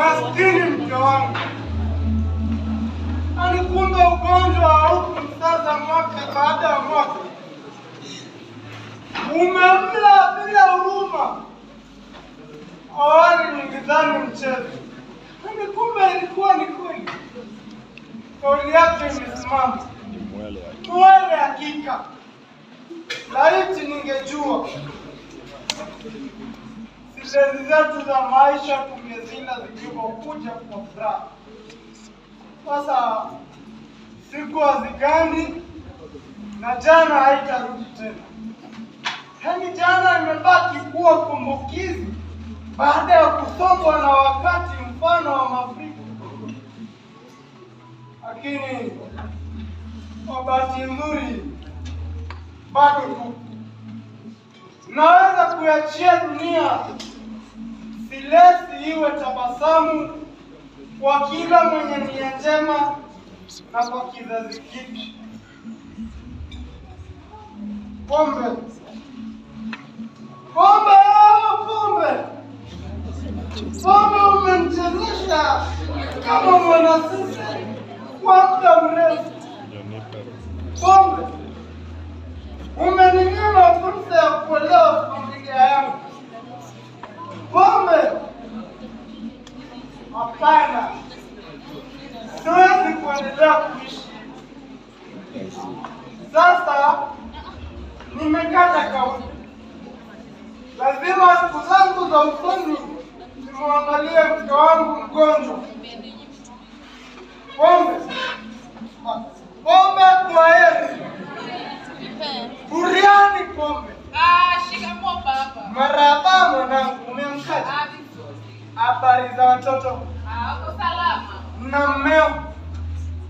Maskini mke wangu alikumba ugonjwa haukumsaza mwaka baada ya mwaka, umemla bila huruma. Awali ningidhani mchezo, kumbe ilikuwa ni kweli. Kauli yake imesimama mwele hakika. Laiti ningejua Shetani zetu za maisha tumezina zikiwa kuja kwa furaha. Sasa siku hazigani na jana haitarudi tena, yaani jana imebaki kuwa kumbukizi baada ya kusombwa na wakati, mfano wa mafuriko. Lakini kwa bahati nzuri bado tu naweza kuachia dunia Blessed iwe tabasamu kwa kila mwenye nia njema na kwa kizazi kipi. Pombe, pombe, pombe, pombe umemchezesha kama mwanasisi kwa muda mrefu. Pombe, umeninyima fursa ya kuelewa familia yangu. Bombe hapana, siwezi kuendelea kuishi. Sasa nimekata kauli, lazima siku zangu za usoni nimwangalie mke wangu mgonjwa. Bombe Bombe, kwaheri. Buriani Bombe. Maraba mwanangu, umemkaje? Habari za watoto? Hapo ah, salama? Mna mmeo?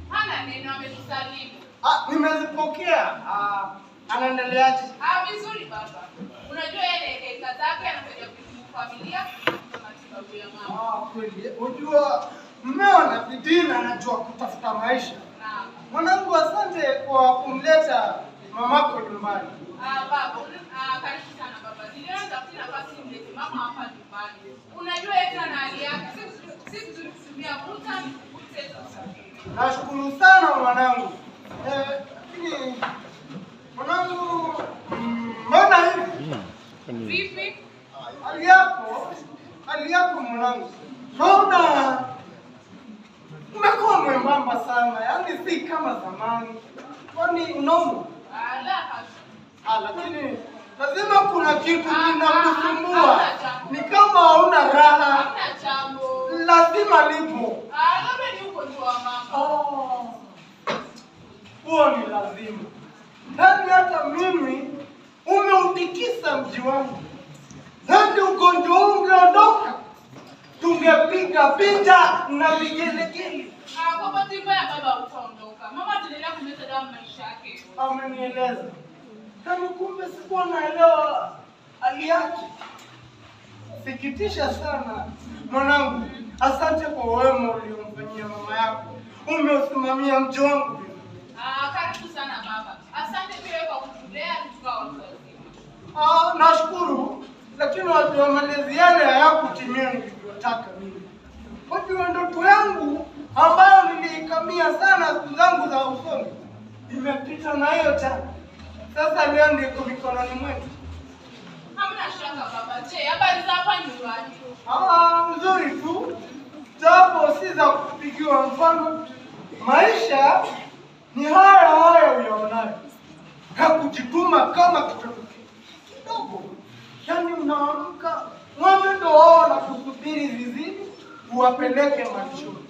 Hana neno, amekusalimu. Ah, nimezipokea. Ah, anaendeleaje? Ah, vizuri baba. Unajua yeye ni kaka yake, anakuja familia matibabu ya mama. Ah, kweli. Unajua mmeo na bidii na anajua kutafuta maisha. Naam. Mwanangu, asante kwa kumleta mamako nyumbani. Ah, baba. Ah, karibu niliona tafuti nafasi nimesimama hapa nyumbani. Unajua Esta na yake, si vizuri kutumia nikukute. Nashukuru sana mwanangu, eh, lakini mwanangu, mbona hivi? Vipi hali yako? Hali yako mwanangu, naona umekuwa mwembamba sana, yaani si kama zamani. Kwani unaumwa? Ah, lakini lazima kuna kitu kinakusumbua, ni kama hauna raha, lazima lipo. Ah, ah. Huo ni lazima nani, hata mimi umeutikisa mji wangu nani, ugonjwa huu ungeondoka, tungepiga picha na vigelegele. Ah, Amenieleza. Kama yaani kumbe sikuwa naelewa hali yake. Sikitisha sana mwanangu, asante kwa wema uliomfanyia mama yako, umeusimamia mji wangu. Ah, karibu sana baba, asante pia kwa kutulea tukawa watu wazima. Ah, nashukuru, lakini wajua malezi yale hayakutimia nilivyotaka mimi. Wajua ndoto yangu ambayo niliikamia sana siku zangu za usoni imepita na hiyo tena. Sasa leo ndiko mikononi mwetu. Hamna shaka baba. Je, habari za hapa nyumbani? Ah, nzuri tu. Japo si za kupigiwa mfano. Maisha ni haya haya uyaonayo. Hakujituma kama kitoto kidogo. Yaani unaamka ng'ombe ndo wao na kusubiri zizini uwapeleke machoni.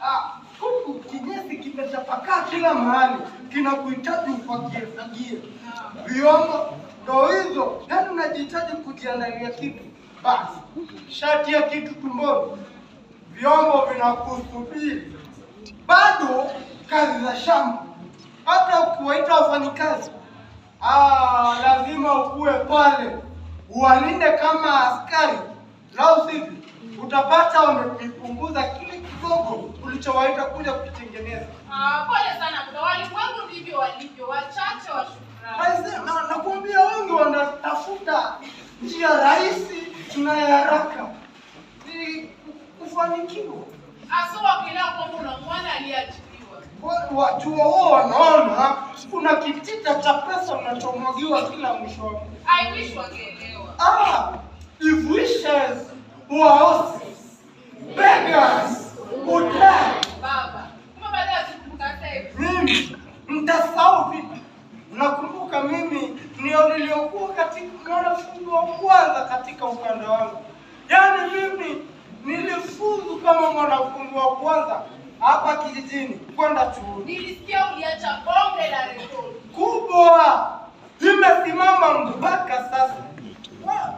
Ah, huku kinyesi kimetapakaa kila mahali, kinakuhitaji ufagie fagie vyombo ndo hizo. Nani unajihitaji kujiandalia kitu, basi ya kitu tumboni, vyombo vinakusubiri. Bado kazi za shamba, hata ukiwaita wafanyikazi ah, lazima ukue pale uwalinde kama askari, lau sivyo utapata wamepunguza kile kidogo ulichowaita kuja kukitengeneza. Ah, pole sana kwa wangu, ndivyo walivyo, wachache wa shukrani. Na nakwambia wengi wanatafuta njia rahisi na ya haraka ili kufanikiwa. Asawa kila na mwana aliyeachiwa. Watu wao wanaona kuna kitita cha pesa unachomwagiwa kila mwisho wa mwezi. I wish wangeelewa. Ah, if wishes were horses, beggars Mtasahau vipi? Nakumbuka mimi ndio niliokuwa katika mwanafunzi wa kwanza katika ukanda wangu, yaani mimi nilifuzu kama mwanafunzi wa kwanza hapa kijijini kwenda chuoni. Nilisikia uliacha bonge la rekodi kubwa imesimama mpaka sasa.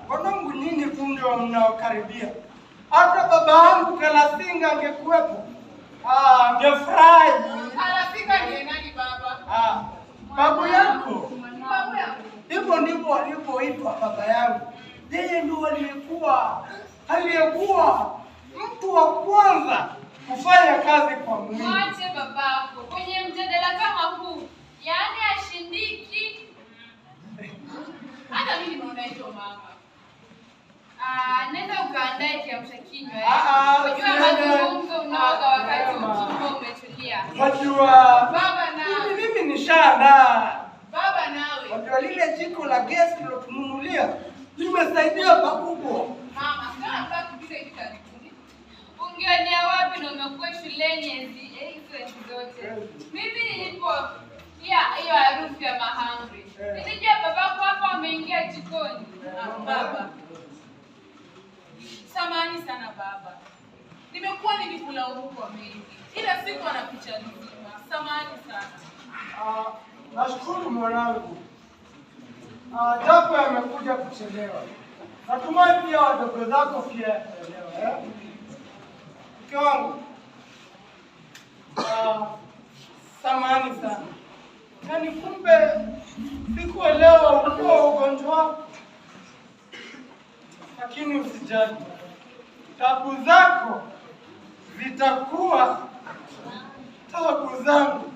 Wanangu, nyinyi tu ndio mnaokaribia hata baba yangu Kalasinga angekuwepo ah, angefurahi. Kalasinga ni nani baba? Ah, babu yako. Hivyo ndivyo alivyoitwa baba yangu. Yeye ndio aliyekuwa aliyekuwa mtu wa kwanza kufanya kazi kwa Mungu. Mwache babako kwenye mjadala kama huu baba, baba nawe wajua lile jiko la gesi lilotununulia limesaidia pakubwa. Mama, kama baba kupita hivi karibuni, ungeonea wapi na umekuwa shuleni enzi eh, zote? Mimi nilipo pia hiyo harufu ya mahamri, eh. nilijua babako hapa ameingia jikoni. Ah, eh. Baba, samahani sana baba, nimekuwa nikikulaumu kwa mengi, kila siku anapicha nzima. Samahani sana. Ah, Nashukuru mwanangu. Ah, japo amekuja kuchelewa. Natumai pia wadogo zako pia elewa, eh? Mke wangu. Ah, samahani sana. yani kumbe sikuelewa ulikuwa ugonjwa. Lakini usijali. Tabu zako zitakuwa tabu zangu.